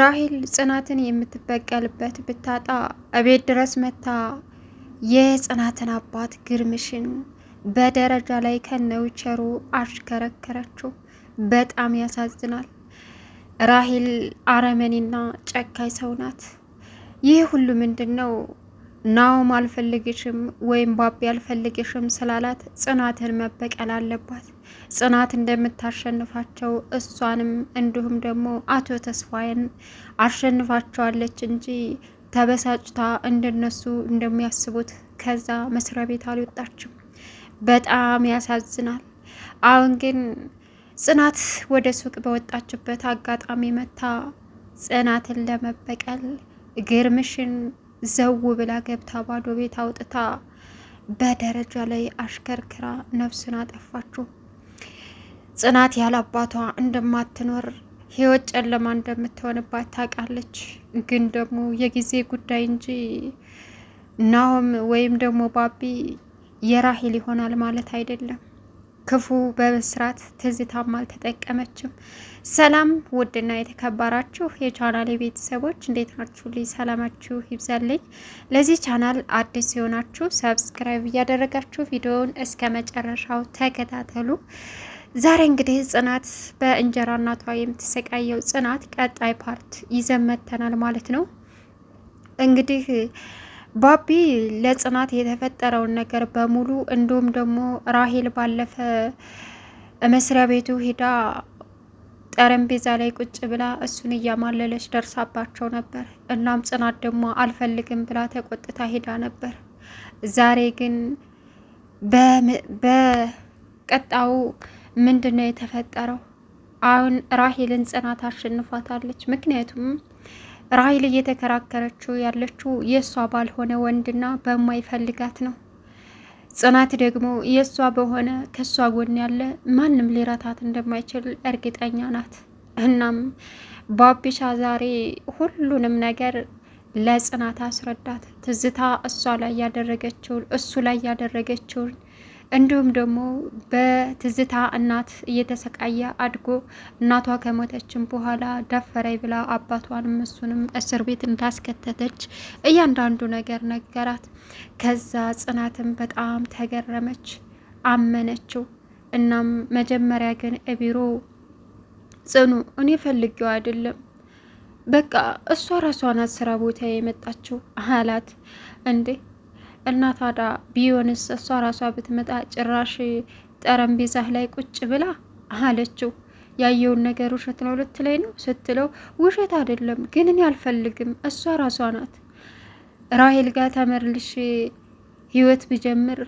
ራሂል ጽናትን የምትበቀልበት ብታጣ እቤት ድረስ መታ የጽናትን አባት ግርምሽን በደረጃ ላይ ከነዊቸሩ አሽከረከረችው። በጣም ያሳዝናል። ራሂል አረመኔና ጨካኝ ሰው ናት። ይህ ሁሉ ምንድን ነው? ናውም አልፈልግሽም ወይም ባቢ አልፈልግሽም ስላላት ጽናትን መበቀል አለባት። ጽናት እንደምታሸንፋቸው እሷንም እንዲሁም ደግሞ አቶ ተስፋዬን አሸንፋቸዋለች እንጂ ተበሳጭታ እንደነሱ እንደሚያስቡት ከዛ መስሪያ ቤት አልወጣችም። በጣም ያሳዝናል። አሁን ግን ጽናት ወደ ሱቅ በወጣችበት አጋጣሚ መታ ጽናትን ለመበቀል ግርምሽን ዘው ብላ ገብታ ባዶ ቤት አውጥታ በደረጃ ላይ አሽከርክራ ነፍሱን አጠፋችሁ። ጽናት ያላባቷ እንደማትኖር ህይወት ጨለማ እንደምትሆንባት ታውቃለች። ግን ደግሞ የጊዜ ጉዳይ እንጂ ናሆም ወይም ደግሞ ባቢ የራሂል ይሆናል ማለት አይደለም። ክፉ በብስራት ትዝታም አልተጠቀመችም። ሰላም ውድና የተከበራችሁ የቻናል ቤተሰቦች እንዴት ናችሁ? ልይ ሰላማችሁ ይብዛልኝ። ለዚህ ቻናል አዲስ የሆናችሁ ሰብስክራይብ እያደረጋችሁ ቪዲዮውን እስከ መጨረሻው ተከታተሉ። ዛሬ እንግዲህ ጽናት በእንጀራ እናቷ የምትሰቃየው ጽናት ቀጣይ ፓርት ይዘመተናል ማለት ነው እንግዲህ ባቢ ለጽናት የተፈጠረውን ነገር በሙሉ እንዲሁም ደግሞ ራሄል ባለፈ መስሪያ ቤቱ ሄዳ ጠረጴዛ ላይ ቁጭ ብላ እሱን እያማለለች ደርሳባቸው ነበር። እናም ጽናት ደግሞ አልፈልግም ብላ ተቆጥታ ሄዳ ነበር። ዛሬ ግን በቀጣው ምንድን ነው የተፈጠረው? አሁን ራሄልን ጽናት አሸንፏታለች። ምክንያቱም ራይል እየተከራከረችው ያለችው የእሷ ባልሆነ ወንድና በማይፈልጋት ነው። ጽናት ደግሞ የእሷ በሆነ ከእሷ ጎን ያለ ማንም ሊረታት እንደማይችል እርግጠኛ ናት። እናም ባቢሻ ዛሬ ሁሉንም ነገር ለጽናት አስረዳት። ትዝታ እሷ ላይ ያደረገችውን እሱ ላይ ያደረገችውን እንዲሁም ደግሞ በትዝታ እናት እየተሰቃየ አድጎ እናቷ ከሞተችም በኋላ ደፈረኝ ብላ አባቷንም እሱንም እስር ቤት እንዳስከተተች እያንዳንዱ ነገር ነገራት። ከዛ ጽናትም በጣም ተገረመች፣ አመነችው። እናም መጀመሪያ ግን እቢሮ ጽኑ እኔ ፈልጌው አይደለም በቃ እሷ ራሷ ናት ስራ ቦታ የመጣችው አላት። እንዴ እና ታዳ ቢሆንስ እሷ ራሷ ብትመጣ ጭራሽ ጠረጴዛ ላይ ቁጭ ብላ አለችው። ያየውን ነገር ውሸት ነው ልትለኝ ነው ስትለው፣ ውሸት አይደለም ግን እኔ አልፈልግም። እሷ ራሷ ናት ራሄል ጋር ተመርልሽ ህይወት ብጀምር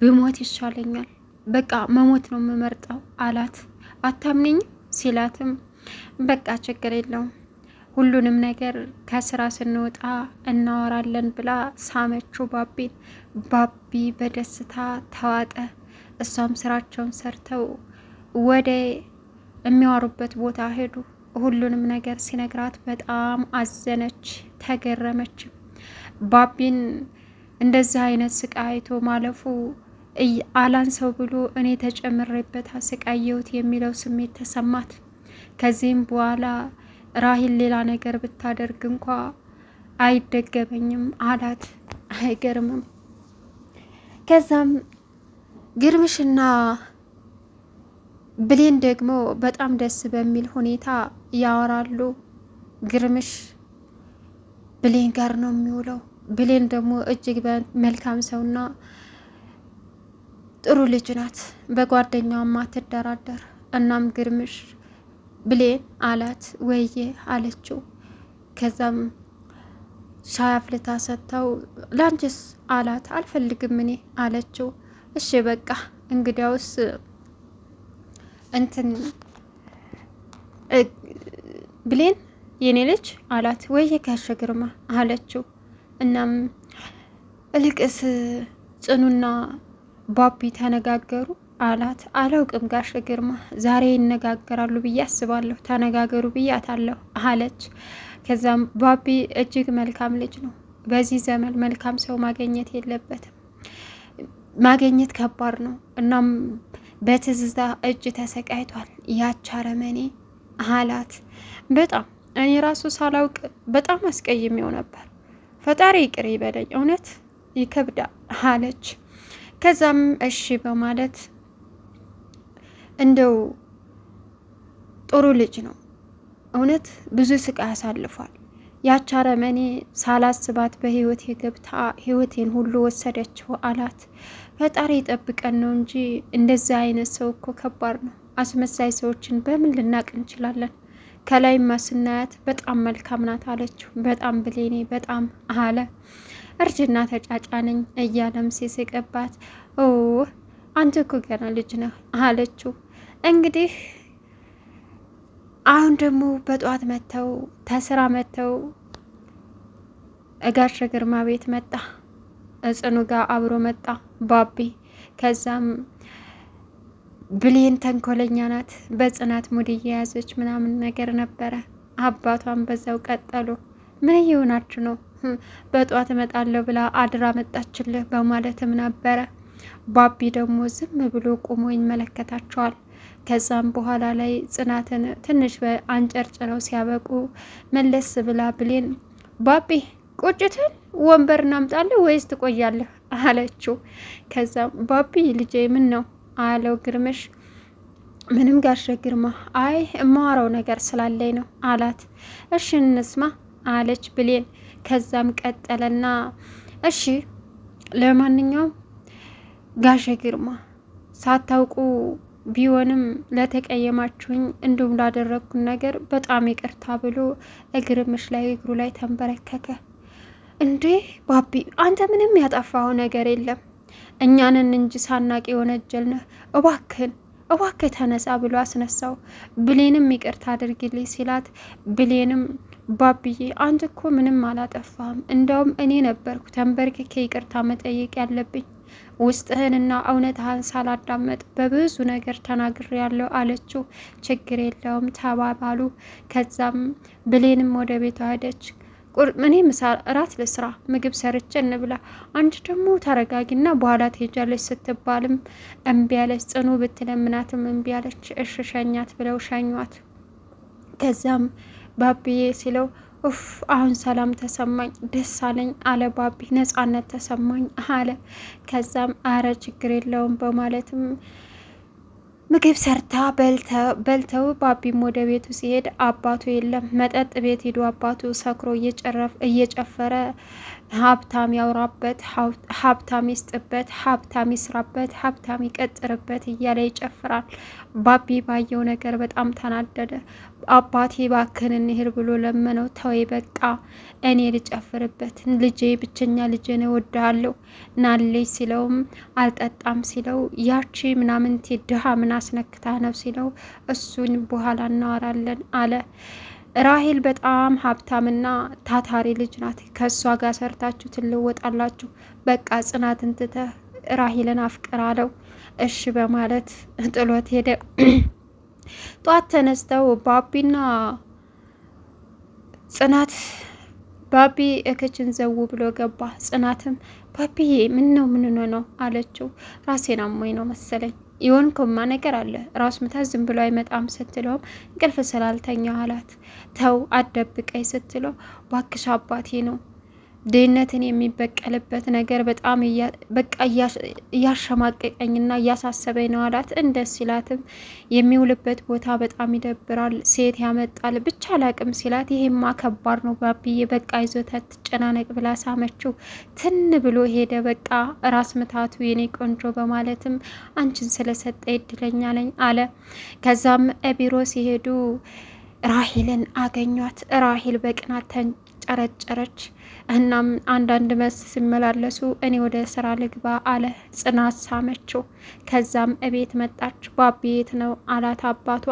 ብሞት ይሻለኛል። በቃ መሞት ነው የምመርጠው አላት። አታምንኝም ሲላትም በቃ ችግር የለውም ሁሉንም ነገር ከስራ ስንወጣ እናወራለን ብላ ሳመችው ባቢን። ባቢ በደስታ ተዋጠ። እሷም ስራቸውን ሰርተው ወደ የሚያወሩበት ቦታ ሄዱ። ሁሉንም ነገር ሲነግራት በጣም አዘነች፣ ተገረመች። ባቢን እንደዚህ አይነት አይቶ ማለፉ አላን ሰው ብሎ እኔ ተጨምሬበት አሰቃየሁት የሚለው ስሜት ተሰማት። ከዚህም በኋላ ራሂል ሌላ ነገር ብታደርግ እንኳ አይደገመኝም አላት። አይገርምም። ከዛም ግርምሽና ብሌን ደግሞ በጣም ደስ በሚል ሁኔታ ያወራሉ። ግርምሽ ብሌን ጋር ነው የሚውለው። ብሌን ደግሞ እጅግ መልካም ሰውና ጥሩ ልጅ ናት። በጓደኛዋ ማትደራደር እናም ግርምሽ ብሌን አላት። ወየ አለችው። ከዛም ሻይ አፍልታ ላንችስ አላት። አልፈልግም እኔ አለችው። እሺ በቃ እንግዲያውስ እንትን ብሌን የኔ ልጅ አላት። ወይ ጋሽ ግርማ አለችው። እናም እልቅስ ጽኑና ባቢ ተነጋገሩ። አላት። አላውቅም ጋሽ ግርማ ዛሬ ይነጋገራሉ ብዬ አስባለሁ፣ ተነጋገሩ ብያታለሁ አለች። ከዛም ባቢ እጅግ መልካም ልጅ ነው። በዚህ ዘመን መልካም ሰው ማገኘት የለበትም ማገኘት ከባድ ነው። እናም በትዝታ እጅ ተሰቃይቷል ያች አረመኔ አላት። በጣም እኔ ራሱ ሳላውቅ በጣም አስቀይሜው ነበር። ፈጣሪ ይቅር ይበለኝ፣ እውነት ይከብዳል አለች። ከዛም እሺ በማለት እንደው ጥሩ ልጅ ነው እውነት ብዙ ስቃይ አሳልፏል። ያች አረመኔ ሳላስባት በህይወት የገብታ ህይወቴን ሁሉ ወሰደችው አላት። ፈጣሪ ጠብቀን ነው እንጂ እንደዚህ አይነት ሰው እኮ ከባድ ነው። አስመሳይ ሰዎችን በምን ልናቅ እንችላለን? ከላይማ ስናያት በጣም መልካም ናት አለችው። በጣም ብሌኔ በጣም አለ እርጅና ተጫጫነኝ እያለም ሲስቅባት አንተ እኮ ገና ልጅ ነህ አለችው። እንግዲህ አሁን ደግሞ በጠዋት መጥተው ተስራ መጥተው እጋሽ ግርማ ቤት መጣ። እጽኑ ጋር አብሮ መጣ ባቢ። ከዛም ብሌን ተንኮለኛ ናት፣ በጽናት ሙድ እየያዘች ምናምን ነገር ነበረ። አባቷን በዛው ቀጠሉ። ምን እየሆናችሁ ነው? በጠዋት እመጣለሁ ብላ አድራ መጣችልህ በማለትም ነበረ ባቢ ደግሞ ዝም ብሎ ቆሞ ይመለከታቸዋል። ከዛም በኋላ ላይ ጽናትን ትንሽ አንጨርጭረው ሲያበቁ መለስ ብላ ብሌን ባቢ ቁጭትን ወንበር እናምጣለህ ወይስ ትቆያለህ አለችው። ከዛም ባቢ ልጄ ምን ነው አለው ግርምሽ ምንም ጋሸ ግርማ አይ እማወራው ነገር ስላለኝ ነው አላት። እሺ እንስማ አለች ብሌን። ከዛም ቀጠለና እሺ ለማንኛውም ጋሼ ግርማ ሳታውቁ ቢሆንም ለተቀየማችሁኝ እንዲሁም ላደረግኩን ነገር በጣም ይቅርታ ብሎ እግርምሽ ላይ እግሩ ላይ ተንበረከከ። እንዴ ባቢ፣ አንተ ምንም ያጠፋው ነገር የለም እኛንን እንጂ ሳናቅ የወነጀል ነህ። እባክን እባክ ተነሳ ብሎ አስነሳው። ብሌንም ይቅርታ አድርግልኝ ሲላት ብሌንም ባብዬ አንተ እኮ ምንም አላጠፋም እንዲያውም እኔ ነበርኩ ተንበርክኬ ይቅርታ መጠየቅ ያለብኝ ውስጥህንና እውነትህን ሳላዳመጥ በብዙ ነገር ያለው አለችው። ችግር የለውም ተባባሉ። ከዛም ብሌንም ወደ ቤቷ ሄደች። እኔ ምሳ እራት ልስራ፣ ምግብ ሰርቼ እንብላ፣ አንቺ ደግሞ ተረጋጊና በኋላ ትሄጃለች ስትባልም እምቢ ጽኑ ብትለምናትም እምቢ ያለች። እሽ ሸኛት ብለው ሸኟት። ከዛም ባብዬ ሲለው ኡፍ አሁን ሰላም ተሰማኝ፣ ደስ አለኝ አለ ባቢ። ነጻነት ተሰማኝ አለ። ከዛም አረ ችግር የለውም በማለትም ምግብ ሰርታ በልተው ባቢም ወደ ቤቱ ሲሄድ አባቱ የለም። መጠጥ ቤት ሄዶ አባቱ ሰክሮ እየጨረፍ እየጨፈረ ሀብታም ያውራበት፣ ሀብታም ይስጥበት፣ ሀብታም ይስራበት፣ ሀብታም ይቀጥርበት እያለ ይጨፍራል። ባቢ ባየው ነገር በጣም ተናደደ። አባቴ ባክን እንሂድ ብሎ ለመነው። ተወይ በቃ እኔ ልጨፍርበት፣ ልጄ ብቸኛ ልጄን እወድሃለሁ ናለች ሲለውም አልጠጣም ሲለው ያቺ ምናምን ድሃ ምን አስነክታ ነው ሲለው እሱን በኋላ እናወራለን አለ። ራሄል በጣም ሀብታምና ታታሪ ልጅ ናት። ከእሷ ጋር ሰርታችሁ ትለወጣላችሁ። በቃ ጽናትን ትተህ ራሄልን አለው እሺ በማለት ጥሎት ሄደ። ጧት ተነስተው ባቢና ጽናት ባቢ እክችን ዘው ብሎ ገባ። ጽናትም ባቢዬ ምን ነው ምን ነው አለችው። ራሴን አሞኝ ነው መሰለኝ ይሆን ኮማ ነገር አለ ራስ ምታት ዝም ብሎ አይመጣም ስትለውም እንቅልፍ ስላልተኛ አላት። ተው አደብቀኝ ስትለው ባክሽ አባቴ ነው ድህነትን የሚበቀልበት ነገር በጣም በቃ እያሸማቀቀኝና እያሳሰበኝ ነው አላት። እንደ ሲላትም የሚውልበት ቦታ በጣም ይደብራል፣ ሴት ያመጣል፣ ብቻ ላቅም ሲላት፣ ይሄማ ከባድ ነው ባብዬ፣ በቃ ይዞ ተጨናነቅ ብላ ሳመችው። ትን ብሎ ሄደ። በቃ ራስ ምታቱ የኔ ቆንጆ በማለትም አንቺን ስለሰጠ እድለኛ ነኝ አለ። ከዛም ቢሮ ሲሄዱ ራሂልን አገኟት። ራሂል በቅናት ጨረጨረች። እናም አንዳንድ መስ ሲመላለሱ እኔ ወደ ስራ ልግባ አለ። ጽናት ሳመችው። ከዛም እቤት መጣች። ባቢ የት ነው አላት አባቷ።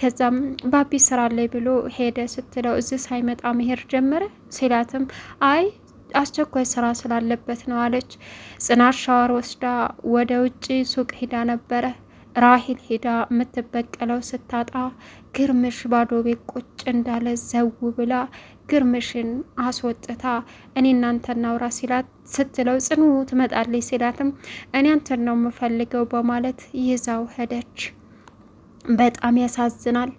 ከዛም ባቢ ስራ ላይ ብሎ ሄደ ስትለው እዚህ ሳይመጣ መሄድ ጀመረ ሲላትም አይ አስቸኳይ ስራ ስላለበት ነው አለች። ጽናት ሻወር ወስዳ ወደ ውጭ ሱቅ ሂዳ ነበረ። ራሂል ሂዳ የምትበቀለው ስታጣ ግርምሽ ባዶ ቤት ቁጭ እንዳለ ዘው ብላ ግርምሽን አስወጥታ እኔ እናንተ እናውራ ሲላት ስትለው ጽኑ ትመጣለች ሲላትም እኔ አንተን ነው የምፈልገው በማለት ይዛው ሄደች። በጣም ያሳዝናል።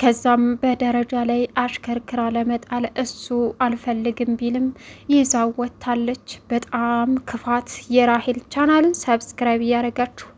ከዛም በደረጃ ላይ አሽከርክራ ለመጣል እሱ አልፈልግም ቢልም ይዛው ወጥታለች። በጣም ክፋት። የራሄል ቻናልን ሰብስክራይብ እያደረጋችሁ